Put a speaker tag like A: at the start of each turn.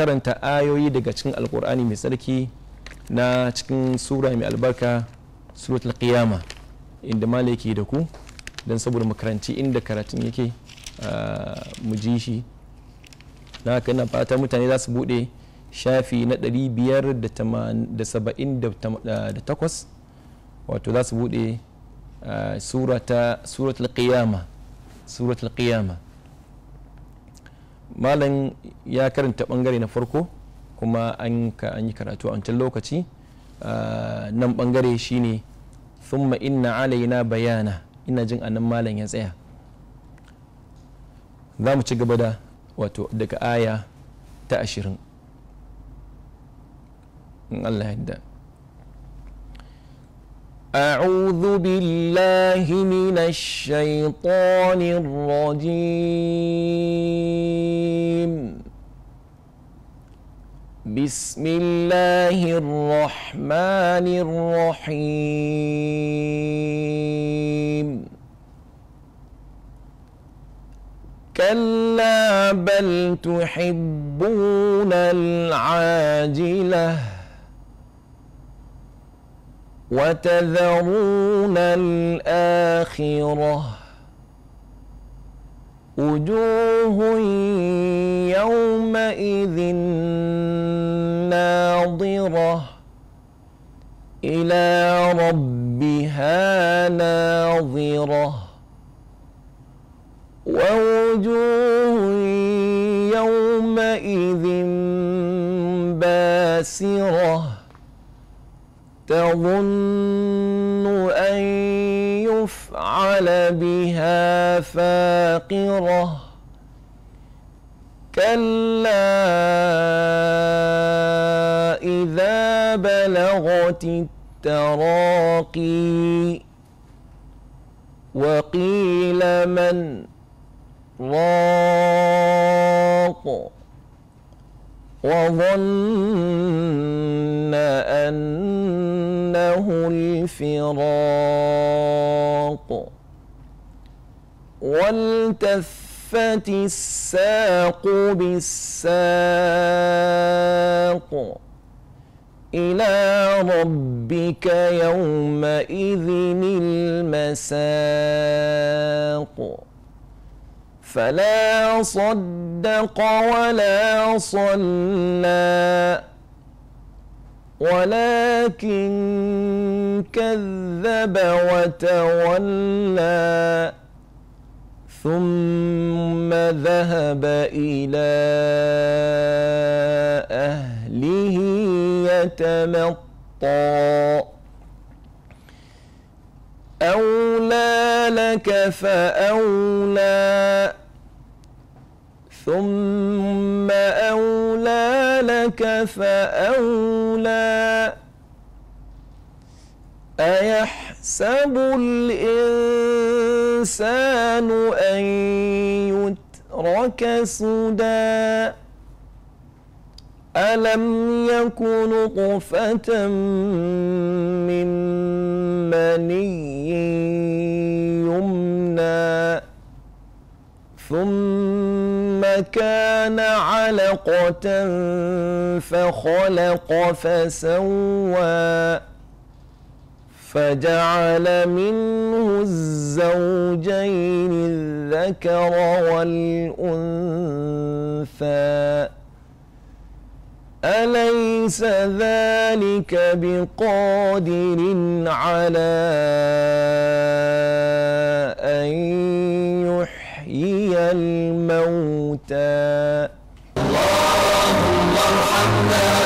A: karanta ayoyi daga cikin alkur'ani mai tsarki na cikin sura mai albarka suratul qiyama inda mala yake da ku don saboda makaranci inda karatun yake ah, mu ji shi na haka ina fata mutane za su bude shafi na 578 wato za su bude ah, suratul qiyama suratul qiyama malam ya karanta bangare na farko kuma an yi karatu a wancan lokaci ah, nan bangare shine thumma inna alaina bayana ina jin anan malam ya tsaya za mu ci gaba da wato daga aya ta ashirin in allah yadda أعوذ بالله من الشيطان
B: الرجيم بسم الله الرحمن الرحيم كلا بل تحبون العاجله وتذرون الآخرة وجوه يومئذ ناظرة إلى ربها ناظرة ووجوه يومئذ باسره تظن أن يفعل بها فاقرة كلا إذا بلغت التراقي وقيل من راق وظن أن له الفراق والتفت الساق بالساق إلى ربك يومئذ المساق فلا صدق ولا صلى ولكن كذب وتولى ثم ذهب الى اهله يتمطى اولى لك فاولى ثم أولى لك فأولى أيحسب الإنسان أن يترك سدى ألم يك نطفة من مني يمنى ثم كان علقة فخلق فسوى فجعل منه الزوجين الذكر والأنثى أليس ذلك بقادر على أن يحيي الموتى اللهم ارحمنا